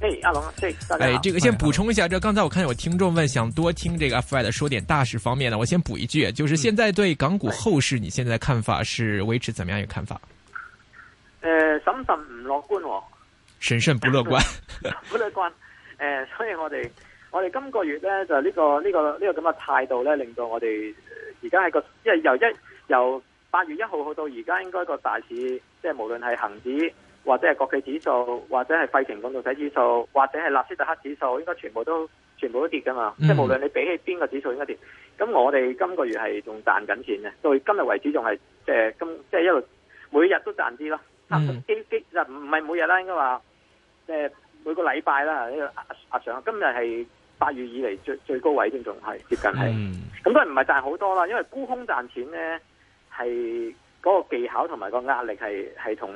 誒，阿龍，誒，這個先補充一下，即剛才我看見有聽眾問，想多聽這個 Fred 的，說點大市方面的，我先補一句，就是現在對港股後市，你現在看法是維持怎麼樣一個看法？誒、呃，審慎唔樂觀、哦，審慎不樂觀，不樂觀。誒、呃，所以我哋，我哋今個月咧就呢、這個呢、這個呢、這個咁嘅、這個、態度咧，令到我哋而家喺個，即係由一由八月一號去到而家，應該一個大市，即係無論係恒指。或者係國際指數，或者係費城半導體指數，或者係納斯達克指數，應該全部都全部都跌噶嘛。嗯、即係無論你比起邊個指數應該跌。咁我哋今個月係仲賺緊錢嘅，到今日為止仲係即係今即係一路每日都賺啲咯。基基唔係每日啦，應該話即係每個禮拜啦。阿阿常今日係八月以嚟最最高位添，仲係接近係。咁都係唔係賺好多啦。因為沽空賺錢咧係嗰個技巧和個壓同埋個壓力係係同。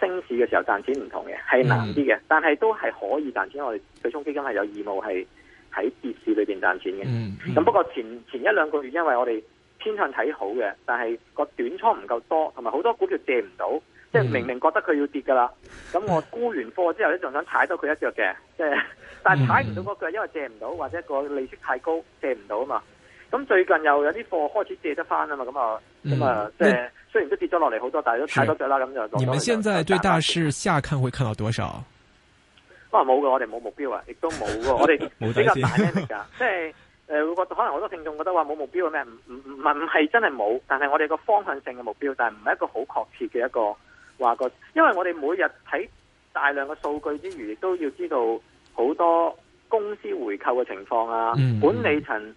升市嘅時候賺錢唔同嘅，係難啲嘅，但係都係可以賺錢。嗯、因為我哋對沖基金係有義務係喺跌市裏邊賺錢嘅。咁、嗯嗯、不過前前一兩個月因為我哋偏向睇好嘅，但係個短倉唔夠多，同埋好多股票借唔到，即係明明覺得佢要跌噶啦，咁我沽完貨之後咧，仲想踩多佢一腳嘅，即係，但係踩唔到嗰腳，因為借唔到或者個利息太高，借唔到啊嘛。咁最近又有啲貨開始借得翻啊嘛，咁啊，咁、嗯、啊，即係雖然都跌咗落嚟好多，但係都太多隻啦，咁就。你們現在對大市下看會看到多少？啊冇㗎，我哋冇目標啊，亦都冇噶，我哋冇比較大咩力噶，即係誒，會、呃、覺得可能好多聽眾覺得話冇目標嘅咩，唔唔唔係真係冇，但係我哋個方向性嘅目標，但係唔係一個好確切嘅一個話個，因為我哋每日睇大量嘅數據之餘，亦都要知道好多公司回購嘅情況啊，管理層。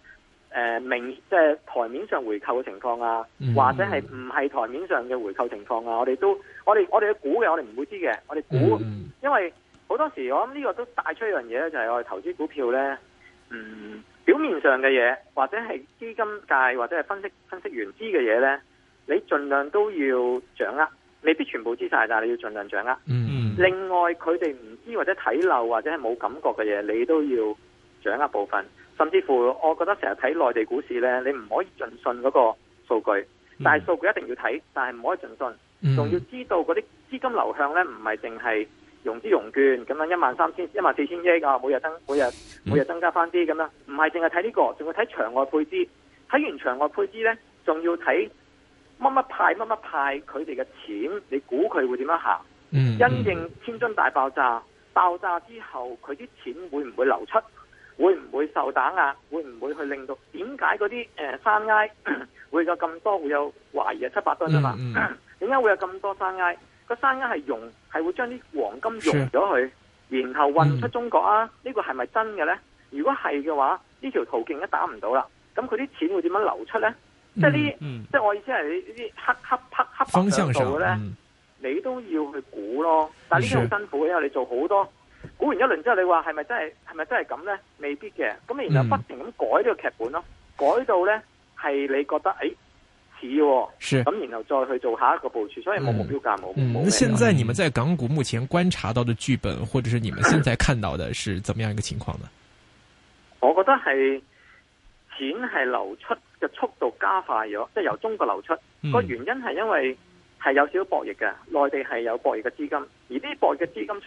誒、呃，明即係、就是、台面上回扣嘅情況啊，或者係唔係台面上嘅回扣情況啊？Mm -hmm. 我哋都，我哋我哋估嘅，我哋唔會知嘅，我哋估。Mm -hmm. 因為好多時，我諗呢個都帶出一樣嘢咧，就係、是、我哋投資股票呢，嗯，表面上嘅嘢，或者係基金界或者係分析分析員知嘅嘢呢，你盡量都要掌握，未必全部知晒，但係你要盡量掌握。Mm -hmm. 另外，佢哋唔知或者睇漏或者係冇感覺嘅嘢，你都要掌握部分。甚至乎，我覺得成日睇內地股市咧，你唔可以盡信嗰個數據，但係數據一定要睇，但係唔可以盡信，仲要知道嗰啲資金流向咧，唔係淨係融資融券咁樣一萬三千、一萬四千億㗎，每日增、每日、嗯、每日增加翻啲咁啦，唔係淨係睇呢個，仲要睇場外配資，睇完場外配資咧，仲要睇乜乜派、乜乜派佢哋嘅錢，你估佢會點樣行、嗯？因應天津大爆炸，爆炸之後佢啲錢會唔會流出？會唔會受打壓？會唔會去令到？點解嗰啲誒山埃會有咁多？會有懷疑啊，有七八噸啊嘛？點、嗯、解、嗯、會有咁多山埃？個山埃係融，係會將啲黃金融咗佢，然後運出中國啊？呢、嗯這個係咪真嘅呢？如果係嘅話，呢條途徑都打唔到啦。咁佢啲錢會點樣流出呢？即係呢？即係、嗯、我意思係呢啲黑黑黑黑嘅度呢，你都要去估咯。但係呢啲好辛苦，因為你做好多。估完一輪之後，你話係咪真係係咪真係咁咧？未必嘅。咁然後不停咁改呢個劇本咯、嗯，改到呢係你覺得誒、哎、似喎。是咁然後再去做下一個部署，所以冇目標價，冇、嗯、冇。那、嗯、現在你們在港股目前觀察到的劇本，或者是你們現在看到的是怎麼樣一個情況呢？我覺得係錢係流出嘅速度加快咗，即、就、係、是、由中國流出。個、嗯、原因係因為係有少少博弈嘅，內地係有博弈嘅資金，而啲博弈嘅資金。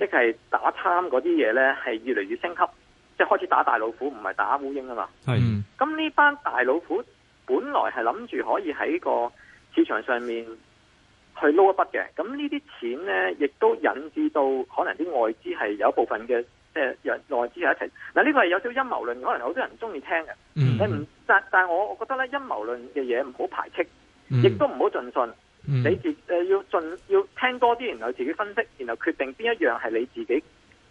即係打貪嗰啲嘢呢，係越嚟越升級，即係開始打大老虎，唔係打烏蠅啊嘛。咁、嗯、呢班大老虎，本來係諗住可以喺個市場上面去撈一筆嘅。咁呢啲錢呢，亦都引致到可能啲外資係有一部分嘅，即係內資係一齊。嗱，呢個係有少少陰謀論，可能好多人中意聽嘅、嗯。你唔但但係我覺得呢，陰謀論嘅嘢唔好排斥，亦、嗯、都唔好盡信。 你自誒、呃、要進要聽多啲，然後自己分析，然後決定邊一樣係你自己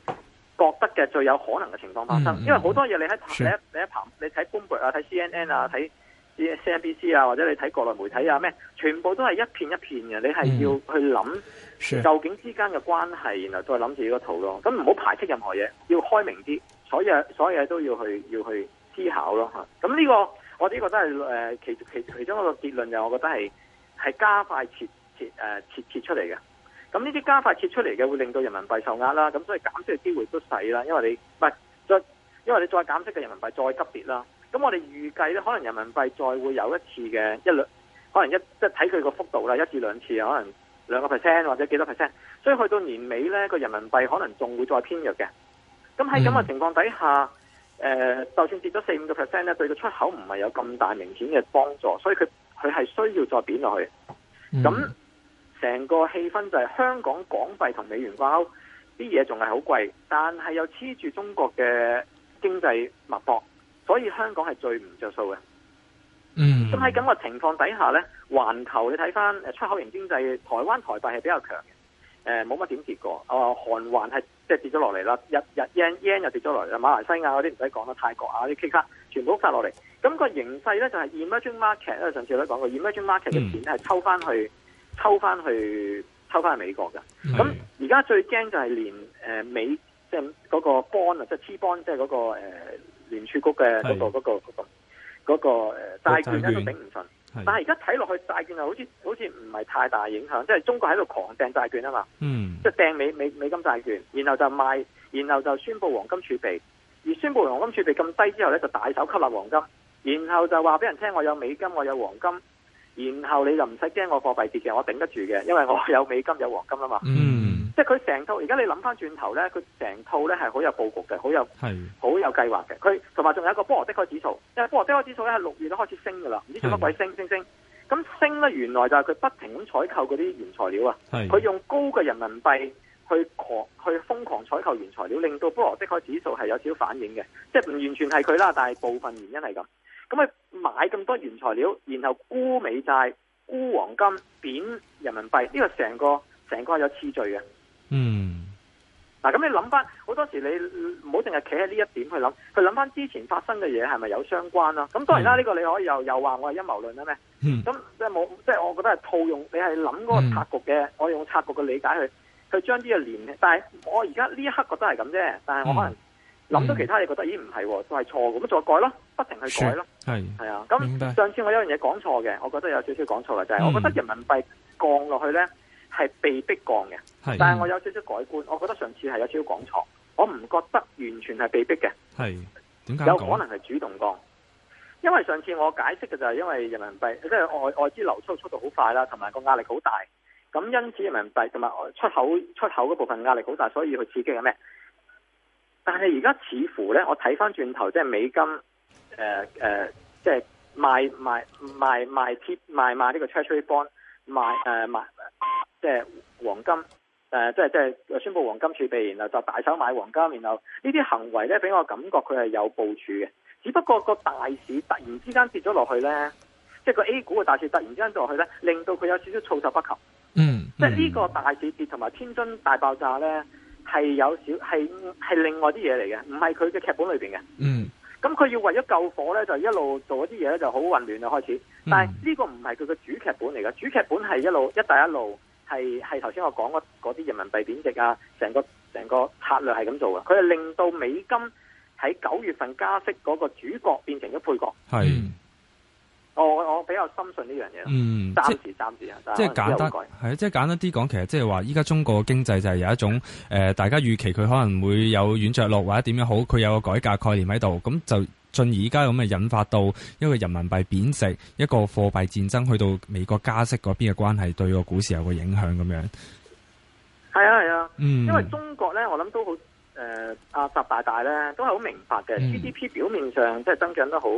覺得嘅最有可能嘅情況發生。 因為好多嘢你喺你喺你喺旁，你睇 Bloomberg 啊，睇 CNN 啊，睇 CNBC 啊，或者你睇國內媒體啊，咩全部都係一片一片嘅。你係要去諗究竟之間嘅關係，然後再諗自己個圖咯。咁唔好排斥任何嘢，要開明啲，所有所有都要去要去思考咯。吓、啊，咁呢、這個我呢個都係誒其其其中一個結論，就我覺得係。呃係加快撤撤誒撤撤出嚟嘅，咁呢啲加快撤出嚟嘅會令到人民幣受壓啦，咁所以減息嘅機會都細啦，因為你唔係再因為你再減息嘅人民幣再急跌啦，咁我哋預計咧可能人民幣再會有一次嘅一兩，可能一即係睇佢個幅度啦，一至兩次可能兩個 percent 或者幾多 percent，所以去到年尾咧個人民幣可能仲會再偏弱嘅。咁喺咁嘅情況底下，誒、嗯呃、就算跌咗四五個 percent 咧，對個出口唔係有咁大明顯嘅幫助，所以佢。佢係需要再貶落去，咁、嗯、成、嗯嗯嗯、個氣氛就係香港港幣同美元掛鈎，啲嘢仲係好貴，但係又黐住中國嘅經濟脈搏，所以香港係最唔着數嘅。嗯,嗯,嗯,嗯,嗯、哎這的，咁喺咁嘅情況底下呢，環球你睇返出口型經濟，台灣台幣係比較強嘅，冇乜點跌過。哦、呃，韓元係即係跌咗落嚟啦，日日 yen 又跌咗落嚟，馬來西亞嗰啲唔使講啦，泰國啊啲 K 卡全部都跌落嚟。咁、那個形勢咧就係、是、emerging market 咧，上次我都講過 emerging market 嘅錢係抽翻去、嗯、抽翻去抽翻去美國嘅。咁而家最驚就係連、呃、美即係嗰個 bond 啊，即係 Treasury bond 即係嗰個誒聯儲局嘅嗰、那個嗰、那個嗰、那個嗰、那個、那個、債券債券都頂唔順。但係而家睇落去債券啊，好似好似唔係太大影響，即、就、係、是、中國喺度狂掟債券啊嘛。嗯。即係掟美美美金債券，然後就賣，然後就宣佈黃金儲備，而宣佈黃金儲備咁低之後咧，就大手吸納黃金。然後就話俾人聽我有美金，我有黃金，然後你就唔使驚我貨幣跌嘅，我頂得住嘅，因為我有美金有黃金啊嘛。嗯，即係佢成套，而家你諗翻轉頭呢，佢成套呢係好有布局嘅，好有係好有計劃嘅。佢同埋仲有一個波羅的海指數，因為波羅的海指數呢係六月都開始升噶啦，唔知做乜鬼升升升。咁升呢，原來就係佢不停咁採購嗰啲原材料啊。係，佢用高嘅人民幣去狂去瘋狂採購原材料，令到波羅的海指數係有少少反應嘅，即係唔完全係佢啦，但係部分原因係咁。咁啊，買咁多原材料，然後沽美債、沽黃金、貶人民幣，呢、這個成個成個係有次序嘅。嗯。嗱、啊，咁你諗翻，好多時你唔好淨係企喺呢一點去諗，去諗翻之前發生嘅嘢係咪有相關啦、啊？咁當然啦，呢、嗯這個你可以又又話我係陰謀論啊咩？嗯。咁即係冇，即、就、係、是我，就是、我覺得係套用，你係諗嗰個策局嘅、嗯，我用策局嘅理解去去將呢個連，但係我而家呢一刻覺得係咁啫，但係可能、嗯。諗到其他嘢，覺得咦唔係喎，都係錯咁，咁就再改咯，不停去改咯，係係啊。咁上次我有樣嘢講錯嘅，我覺得有少少講錯嘅，就係、是、我覺得人民幣降落去呢係被逼降嘅、嗯，但係我有少少改觀，我覺得上次係有少少講錯，我唔覺得完全係被逼嘅，係，點解？有可能係主動降，因為上次我解釋嘅就係因為人民幣即係外外資流出速度好快啦，同埋個壓力好大，咁因此人民幣同埋出口出口嗰部分壓力好大，所以佢刺激係咩？但係而家似乎咧，我睇翻轉頭，即係美金，誒、呃、誒、呃，即係賣賣賣賣貼賣賣呢個 Treasury bond，賣誒、呃、賣，即係黃金，誒、呃、即係即係宣布黃金儲備，然後就大手買黃金，然後呢啲行為咧，俾我感覺佢係有部署嘅。只不過個大市突然之間跌咗落去咧，即、就、係、是、個 A 股嘅大市突然之間跌落去咧，令到佢有少少措手不及。嗯，嗯即係呢個大市跌同埋天津大爆炸咧。係有少係係另外啲嘢嚟嘅，唔係佢嘅劇本裏邊嘅。嗯，咁佢要為咗救火呢，就一路做一啲嘢呢，就好混亂啊開始。但係呢個唔係佢嘅主劇本嚟嘅，主劇本係一路一帶一路係係頭先我講嗰啲人民幣貶值啊，成個成個策略係咁做嘅。佢係令到美金喺九月份加息嗰個主角變成咗配角。係。嗯我我比較深信呢樣嘢，暫時暫時啊，即係簡單係即係簡單啲講，其實即係話依家中國嘅經濟就係有一種誒、呃，大家預期佢可能會有軟着陸，或者點樣好，佢有個改革概念喺度，咁就進而家咁嘅引發到一個人民幣貶值，一個貨幣戰爭去到美國加息嗰邊嘅關係，對個股市有個影響咁樣。係啊，係啊，嗯，因為中國咧，我諗都好。誒、呃，阿、啊、習大大咧都係好明白嘅、嗯、，GDP 表面上即係增長得好，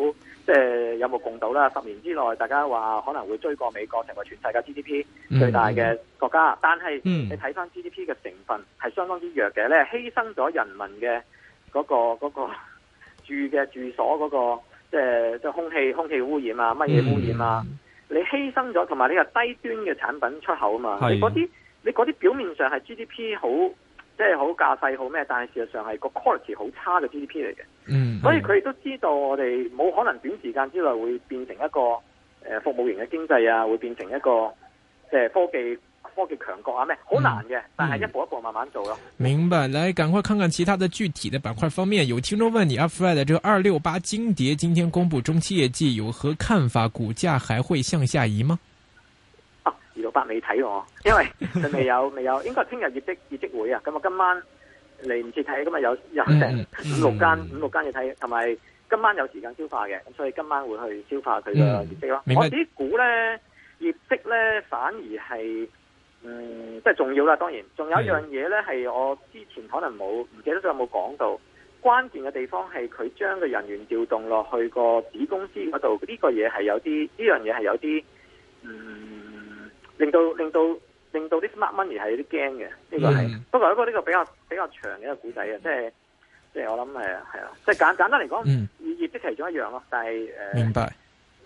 即、呃、係有目共睹啦。十年之內，大家話可能會追過美國成為全世界 GDP 最大嘅國家，嗯、但係、嗯、你睇翻 GDP 嘅成分係相當之弱嘅咧，犧牲咗人民嘅嗰、那個、那個、那個、住嘅住所嗰、那個，即係即係空氣空氣污染啊，乜嘢污染啊，嗯、你犧牲咗，同埋呢個低端嘅產品出口啊嘛，你嗰啲你啲表面上係 GDP 好。即係好架勢好咩？但係事實上係個 quality 好差嘅 GDP 嚟嘅、嗯，所以佢亦都知道我哋冇可能短時間之內會變成一個誒服務型嘅經濟啊，會變成一個即係科技科技強國啊咩？好難嘅，但係一步一步慢慢做咯、嗯嗯。明白，嚟趕快看看其他的具體的板塊方面。有聽眾問你，Fred 的這個二六八金蝶今天公布中期業績有何看法？股價還會向下移嗎？睇我，因為佢未有未有，應該係聽日業績業績會啊。咁啊，今晚嚟唔切睇，咁啊有有成五六間五六間嘅睇，同埋今晚有時間消化嘅，咁所以今晚會去消化佢嘅業績咯。我啲股咧業績咧反而係嗯，即係重要啦。當然，仲有一樣嘢咧係我之前可能冇唔記得咗有冇講到關鍵嘅地方係佢將個人員調動落去個子公司嗰度，呢個嘢係有啲呢樣嘢係有啲嗯。令到令到令到啲 smart money 係有啲驚嘅，呢、這個係、嗯、不過一個呢個比較比較長嘅一個故仔啊，即係即係我諗係係啊，即係、就是、簡簡單嚟講、嗯，業績其中一樣咯，但係誒、呃，明白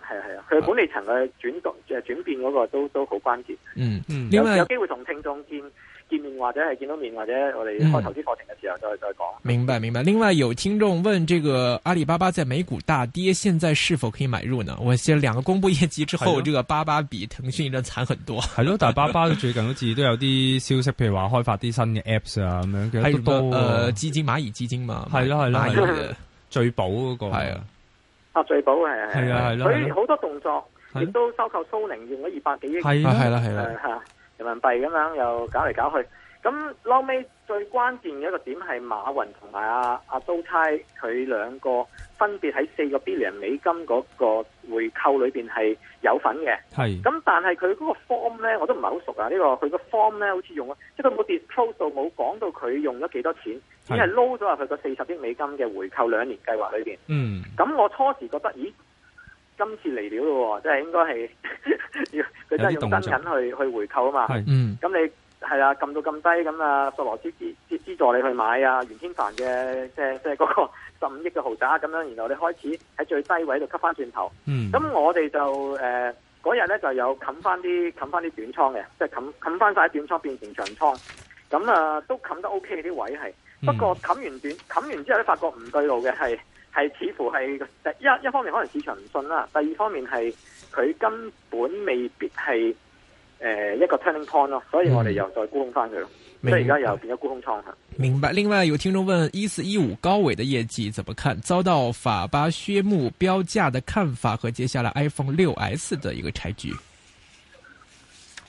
係啊係啊，佢管理層嘅轉動即係轉變嗰個都都好關鍵、嗯，嗯，有有機會同聽眾見。見面或者係見到面或者我哋開投資課程，嘅時候再再講、嗯。明白明白。另外有聽眾問，這個阿里巴巴在美股大跌，現在是否可以買入呢？我先兩個公布業績之後，這個巴巴比騰訊都慘很多。係咯，但係巴巴最近好似都有啲消息，譬 如話開發啲新嘅 apps 啊咁樣，都多嘅。係咯，誒、呃，資金螞蟻資金嘛。係咯係咯係。聚寶嗰個係啊。啊，聚寶係係係。佢好多動作，亦都收購蘇寧，用咗二百幾億。係係啦係啦。人民幣咁樣又搞嚟搞去，咁後尾最關鍵嘅一個點係馬雲同埋阿阿蘇差佢兩個分別喺四個 billion 美金嗰個回購裏邊係有份嘅，係。咁但係佢嗰個 form 咧，我都唔係好熟啊。這個、他的 form 呢個佢個 form 咧，好似用咗，即係佢冇披露到冇講到佢用咗幾多錢，只係攞咗入去個四十億美金嘅回購兩年計劃裏邊。嗯。咁我初時覺得咦？今次嚟料咯喎，即係應該係佢真係用真銀去去回購啊嘛。嗯。咁你係啦，撳到咁低咁啊，索羅斯資資助你去買啊，袁天凡嘅即係即係嗰個十五億嘅豪宅咁樣，然後你開始喺最低位度吸翻轉頭。嗯。咁我哋就誒嗰日咧就有冚翻啲冚翻啲短倉嘅，即係冚冚翻曬短倉變成長倉。咁啊，都冚得 OK 啲位係，不過冚完短冚完之後咧，發覺唔對路嘅係。係似乎係第一一方面可能市場唔信啦，第二方面係佢根本未必係誒、呃、一個 turning point 咯，所以我哋又再沽空翻佢咯，即係而家又變咗沽空倉。明白。另外有聽眾問：一四一五高偉嘅業績怎麼看？遭到法巴削目標價嘅看法和接下來 iPhone 六 S 嘅一個拆局。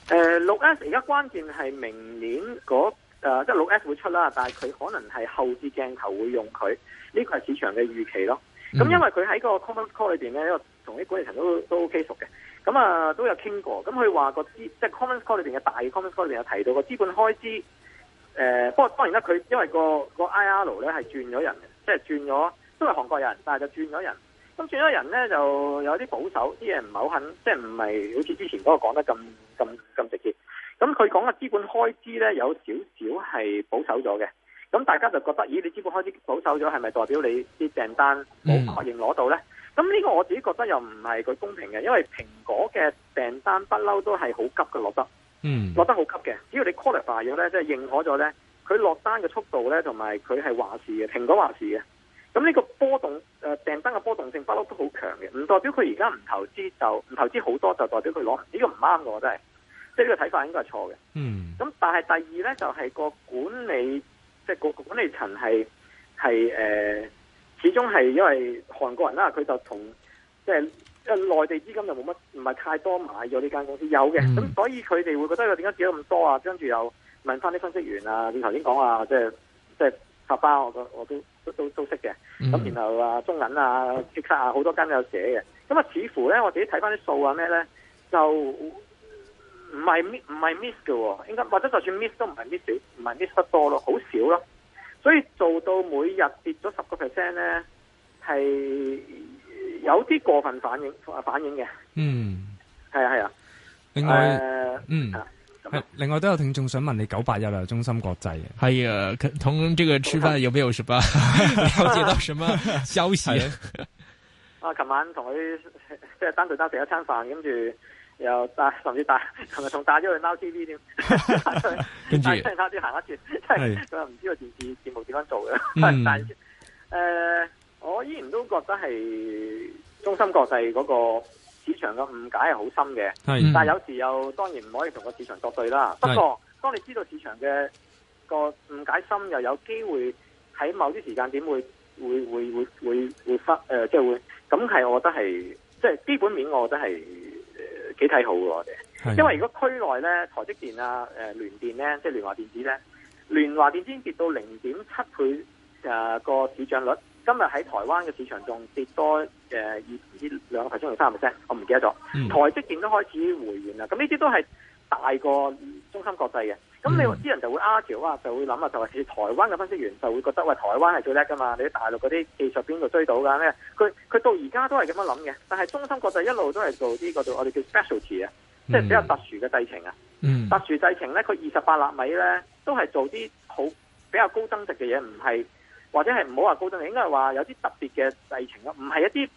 誒、呃，六 S 而家關鍵係明年嗰。誒、呃，即係六 S 會出啦，但係佢可能係後置鏡頭會用佢，呢個係市場嘅預期咯。咁、嗯、因為佢喺個 conference call 裏面咧，因同啲管理層都都 OK 熟嘅，咁、嗯、啊都有傾過。咁佢話個資即係 conference call 裏邊嘅大 conference call 裏邊有提到個資本開支，誒、呃，不過當然啦，佢因為、那個個 IR 咧係轉咗人嘅，即、就、係、是、轉咗，都係韓國人，但係就轉咗人。咁轉咗人咧就有啲保守，啲嘢唔係好肯，即係唔係好似之前嗰個講得咁咁咁直接。咁佢講嘅資本開支呢，有少少係保守咗嘅，咁大家就覺得，咦？你資本開支保守咗，係咪代表你啲訂單冇確認攞到呢？咁、mm. 呢個我自己覺得又唔係佢公平嘅，因為蘋果嘅訂單不嬲都係好急嘅落得，mm. 落得好急嘅。只要你 qualify 咗呢，即係認可咗呢，佢落單嘅速度呢，同埋佢係話事嘅，蘋果話事嘅。咁呢個波動誒、呃、訂單嘅波動性很的不嬲都好強嘅，唔代表佢而家唔投資就唔投資好多就代表佢攞，呢、這個唔啱我真係。即、這、係個睇法應該係錯嘅。嗯。咁但係第二咧，就係、是、個管理，即、就、係、是、個管理層係係誒，始終係因為韓國人啦、啊，佢就同即係，因為內地資金就冇乜，唔係太多買咗呢間公司。有嘅。咁、嗯、所以佢哋會覺得佢點解跌咗咁多啊？跟住又問翻啲分析員啊，你頭先講啊即係即係拆包我，我都我都都都都識嘅。咁、嗯、然後啊，中銀啊，捷、嗯、克啊，好多間都有寫嘅。咁啊，似乎咧，我自己睇翻啲數啊咩咧，就。唔係 miss 唔 miss 嘅喎，哦，或者就算 miss 都唔係 miss 唔係 miss 得多咯，好少咯。所以做到每日跌咗十個 percent 咧，係有啲過分反應啊反應嘅。嗯，係啊係啊。另外，呃、嗯、啊，另外都有聽眾想問你九八一啊，中芯國際啊。係啊，同即係個輸出有冇什麼瞭解到什麼消息 是啊？琴 、啊、晚同佢即係單獨單食一餐飯跟住，又帶，甚至帶同埋仲帶咗去 Now TV 添，跟住撈啲行一轉，即係佢又唔知道電視節目點樣做嘅、嗯。但誒、呃，我依然都覺得係中心國際嗰個市場嘅誤解係好深嘅。但係有時又當然唔可以同個市場作對啦。不過，當你知道市場嘅個誤解深，又有機會喺某啲時間點會會會會會會發誒、即、呃、係、就是、會咁係，我覺得係即係基本面，我覺得係。幾睇好喎，我哋，因為如果區內咧台積電啊、誒、呃、聯電咧，即係聯華電子咧，聯華電子已經跌到零點七倍誒、呃、個市漲率，今日喺台灣嘅市場仲跌多誒二二兩個頭鐘頭三十 percent，我唔記得咗。嗯、台積電都開始回軟啦，咁呢啲都係大過中芯國際嘅。咁你話啲人就會 argue 啊，就會諗啊，就係、是、佢台灣嘅分析員就會覺得喂，台灣係最叻噶嘛，你喺大陸嗰啲技術邊度追到㗎咩？佢佢到而家都係咁樣諗嘅，但係中芯國際一路都係做啲嗰度我哋叫 specialty 啊，即係比較特殊嘅製程啊。Mm -hmm. 特殊製程咧，佢二十八納米咧都係做啲好比較高增值嘅嘢，唔係或者係唔好話高增值，應該係話有啲特別嘅製程啊，唔係一啲。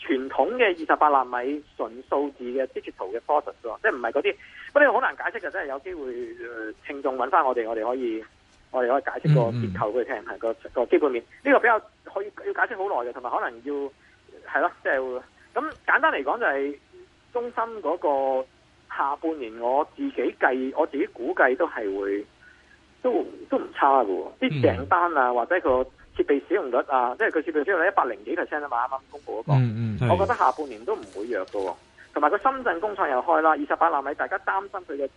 傳統嘅二十八納米純數字嘅 digital 嘅 process 喎，即係唔係嗰啲，不過好難解釋嘅，真係有機會，誒、呃，聽眾揾翻我哋，我哋可以，我哋可以解釋個結構佢聽，係個個基本面，呢、這個比較可以要解釋好耐嘅，同埋可能要係咯，即係咁簡單嚟講就係中芯嗰個下半年我自己計，我自己估計都係會都都唔差嘅喎，啲訂單啊或者個。設備使用率啊，即係佢設備使用率一百零幾 percent 啊嘛，啱啱公布嗰、那個、嗯嗯，我覺得下半年都唔會弱嘅喎。同埋個深圳工廠又開啦，二十八納米，大家擔心佢嘅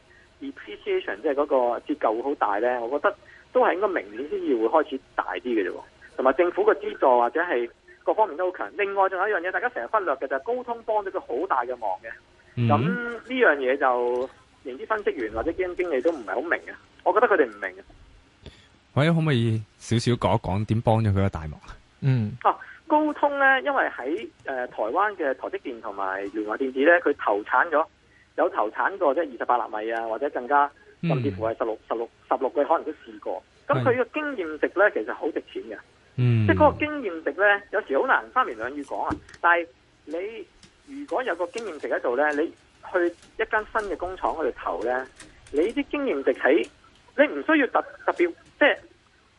depreciation 即係嗰個折舊會好大咧，我覺得都係應該明年先至會開始大啲嘅啫。同埋政府嘅資助或者係各方面都好強。另外仲有一樣嘢，大家成日忽略嘅就係、是、高通幫咗佢好大嘅忙嘅。咁、嗯、呢樣嘢就連啲分析員或者基金經理都唔係好明嘅，我覺得佢哋唔明。喂，可唔可以少少講一講點幫咗佢個大忙啊？嗯，嗯，哦、啊，高通咧，因為喺誒、呃、台灣嘅台積電同埋聯華電子咧，佢投產咗，有投產過即係二十八納米啊，或者更加，甚至乎係十六、十六、十六，佢可能都試過。咁佢個經驗值咧，其實好值錢嘅。嗯，嗯，即係嗰個經驗值咧，有時好難三言兩語講啊。但係你如果有個經驗值喺度咧，你去一間新嘅工廠去度投咧，你啲經驗值喺，你唔需要特特別。即係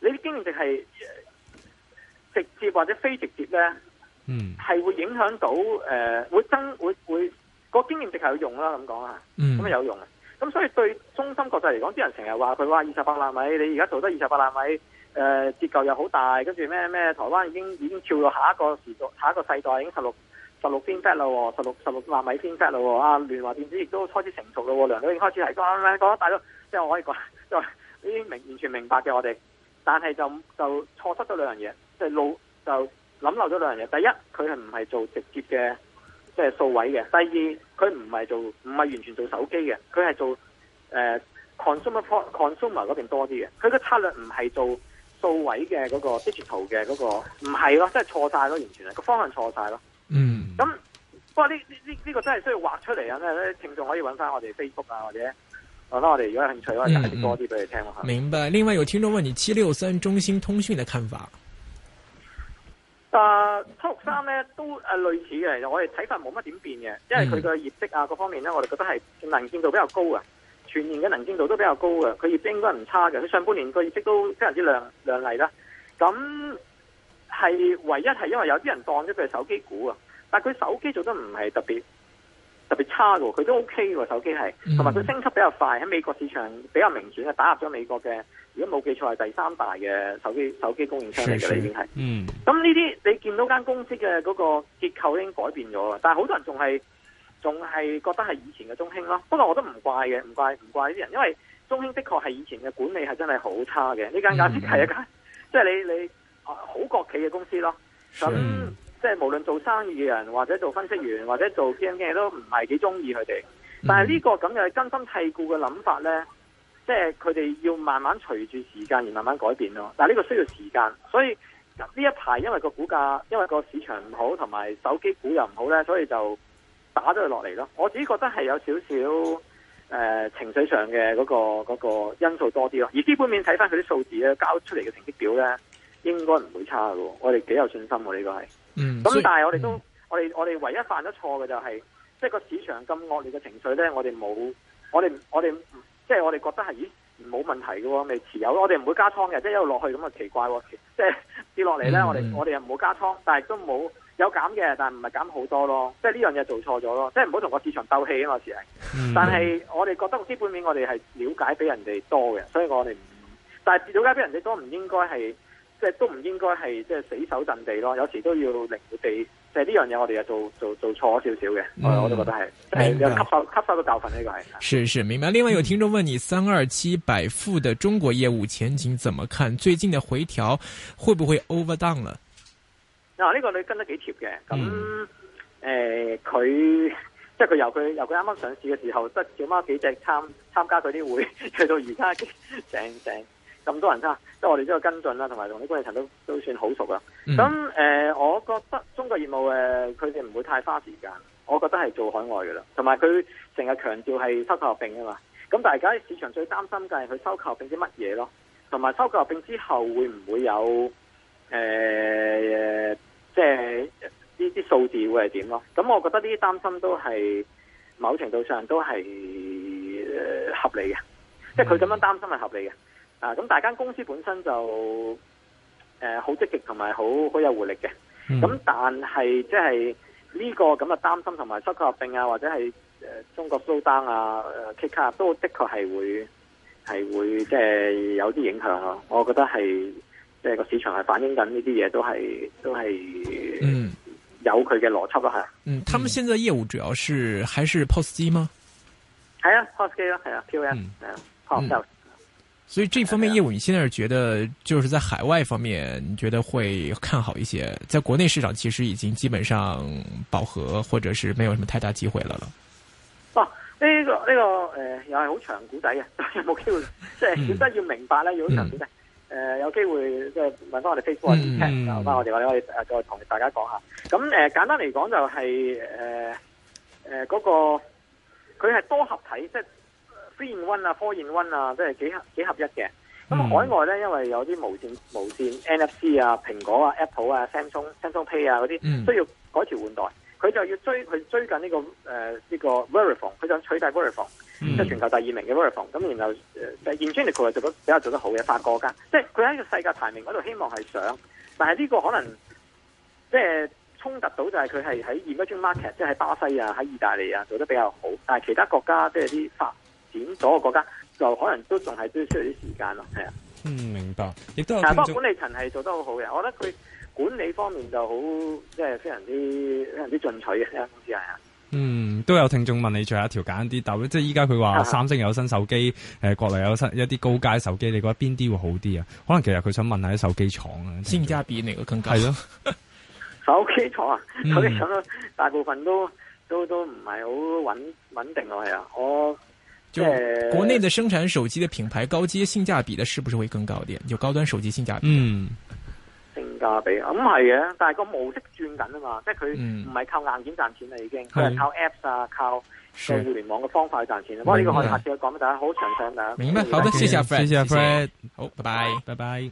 你啲經驗值係直接或者非直接咧，嗯，係會影響到誒、呃，會增會會個經驗值係有用啦，咁講啊，嗯，咁啊有用啊，咁所以對中芯國際嚟講，啲人成日話佢話二十八納米，你而家做得二十八納米，誒、呃，折舊，又好大，跟住咩咩台灣已經已經跳到下一個時代，下一個世代已經十六十六天晶啦，十六十六納米天晶啦，啊，聯華電子亦都開始成熟啦，量都已經開始係，講大咗，即係我可以講，即呢啲明完全明白嘅我哋，但係就就錯失咗兩樣嘢，即係路，就諗漏咗兩樣嘢。第一，佢係唔係做直接嘅即係數位嘅？第二，佢唔係做唔係完全做手機嘅，佢係做誒、呃、consumer consumer 嗰邊多啲嘅。佢個策略唔係做數位嘅嗰、嗰個 digital 嘅嗰、嗰個，唔係咯，即係錯晒咯，完全係，個方向錯晒咯。嗯。咁不過呢呢呢個真係需要畫出嚟啊！呢呢，聽眾可以搵返我哋 Facebook 啊或者。哦，那我哋如果有興趣，而家講得多啲俾你聽咯吓、嗯。明白，另外有聽眾問你七六三中興通訊嘅看法。啊、呃，七六三咧都誒、呃、類似嘅，我哋睇法冇乜點變嘅，因為佢個業績啊各方面咧，我哋覺得係能見度比較高啊，全年嘅能見度都比較高嘅，佢業績應，應該唔差嘅，佢上半年個業績都非常之亮亮麗啦。咁係、嗯、唯一係因為有啲人當咗佢係手機股啊，但係佢手機做得唔係特別，特別差嘅，佢都 OK 嘅，手機係，同埋佢升級比較快，喺美國市場比較明顯嘅，打入咗美國嘅。如果冇記錯係第三大嘅手機手機供應商嚟嘅，已經係。嗯。咁呢啲你見到間公司嘅嗰個結構已經改變咗喇！但係好多人仲係仲係覺得係以前嘅中興咯。不過我都唔怪嘅，唔怪唔怪呢啲人，因為中興的確係以前嘅管理係真係好差嘅。呢、嗯、間、就是、公司係一間即係你你好國企嘅公司咯。嗯。即係無論做生意嘅人，或者做分析員，或者做 P，N 嘅都唔係幾中意佢哋。但係呢個咁嘅根深蒂固嘅諗法呢，即係佢哋要慢慢隨住時間而慢慢改變咯。但係呢個需要時間，所以呢一排因為個股價，因為個市場唔好，同埋手機股又唔好呢，所以就打咗佢落嚟咯。我自己覺得係有少少誒情緒上嘅嗰、嗰個、嗰個因素多啲咯。而基本面睇翻佢啲數字咧，交出嚟嘅成績表呢，應該唔會差㗎。我哋幾有信心嘅呢、呢個係。咁、嗯嗯、但係我哋都，我哋我哋唯一犯咗錯嘅就係、是，即係個市場咁惡劣嘅情緒咧，我哋冇，我哋我哋即係我哋覺得係，咦，冇問題嘅，咪持有，我哋唔會加倉嘅，即係一路落去咁啊，奇怪，即係跌落嚟咧，我哋我哋又冇加倉，但係都冇有減嘅，但係唔係減好多咯，即係呢樣嘢做錯咗咯，即係唔好同個市場鬥氣啊嘛。我哋、嗯，但係我哋覺得基本面我哋係了解畀人哋多嘅，所以我哋唔，但係了解畀人哋多唔應該係。即係都唔應該係即係死守陣地咯，有時都要靈活地，即係呢樣嘢我哋又做做做錯咗少少嘅，我都覺得係，即係吸收吸收個教訓呢個係。是是明白。另外有聽眾問你， 三二七百富的中國業務前景怎麼看？最近的回調會不會 overdone 了？嗱，呢個你跟得幾貼嘅，咁、嗯、誒，佢、嗯呃、即係佢由佢由佢啱啱上市嘅時候得隻小貓幾隻參參加嗰啲會，去到而家正正。整整咁多人啦，即係我哋都有跟進啦，同埋同啲管理層都都算好熟啦。咁誒、呃，我覺得中國業務誒，佢哋唔會太花時間。我覺得係做海外噶啦，同埋佢成日強調係收購合併啊嘛。咁大家市場最擔心嘅係佢收購合併啲乜嘢咯，同埋收購合併之後會唔會有誒？即係呢啲數字會係點咯？咁我覺得呢啲擔心都係某程度上都係、呃、合理嘅、嗯，即係佢咁樣擔心係合理嘅。啊，咁大間公司本身就誒好積極同埋好好有活力嘅，咁、嗯嗯、但係即係呢個咁嘅擔心同埋出購合併啊，或者係誒、呃、中國蘇丹啊、k 拉 t 都的確係會係會即係、就是、有啲影響咯、啊。我覺得係即係個市場係反映緊呢啲嘢，都係都係嗯有佢嘅邏輯啦，係、啊。嗯，他們現在業務主要是還是 POS 機嗎？係啊，POS 機啦，係啊 p v 係啊，嗯嗯所以這方面業務，你現在係覺得就是在海外方面，你覺得會看好一些？在國內市場其實已經基本上飽和，或者是沒有什麼太大機會了。了、啊、哦，呢、這個呢、這個誒、呃，又係好長古仔嘅，有冇機會。嗯、即係，得要明白咧，要好長古仔，誒、嗯呃，有機會即係問翻我哋 Facebook 啊、嗯，翻我哋我哋可以再同、呃、大家講下。咁誒、呃，簡單嚟講就係誒誒嗰個，佢係多合體即係。Three in one 啊，Four in one 啊，即係幾合幾合一嘅。咁海外咧，因為有啲無線無線 NFC 啊、蘋果啊、Apple 啊、Samsung Samsung Pay 啊嗰啲，需、嗯、要改朝換代，佢就要追去追緊呢、這個誒呢、呃這個 Verifone，佢想取代 Verifone，即、嗯、係、就是、全球第二名嘅 Verifone。咁然後誒，但係 Ingenico 係做得比較做得好嘅，法國家，即係佢喺個世界排名嗰度希望係上，但係呢個可能即係、就是、衝突到就係佢係喺 emerging market，即係喺巴西啊、喺意大利啊做得比較好，但係其他國家即係啲法。整咗個國家就可能都仲係需要啲時間咯，係啊。嗯，明白。亦都有。嗱，不過管理層係做得好好嘅，我覺得佢管理方面就好，即係非常之，非常之進取嘅。呢間公司係啊。嗯，都有聽眾問你最後一條簡啲，但即係依家佢話三星有新手機，誒、啊呃、國內有新一啲高階手機，你覺得邊啲會好啲啊？可能其實佢想問下啲手機廠啊，先而家變嚟個更加係咯手機廠啊，手機廠咯、嗯，大部分都都都唔係好穩穩定落嚟啊。我。即係國內的生產手機的品牌高階性價比的，是不是會更高啲？就高端手機性價比。嗯，性價比咁係嘅，但係個模式轉緊啊嘛，即係佢唔係靠硬件賺錢啦，已經佢係、嗯、靠 apps 啊，靠個互聯網嘅方法去賺錢。不過呢個可以下次講俾大家好長時間啦。明白，好的，謝謝 Fred，謝謝 Fred，好，拜拜，拜拜。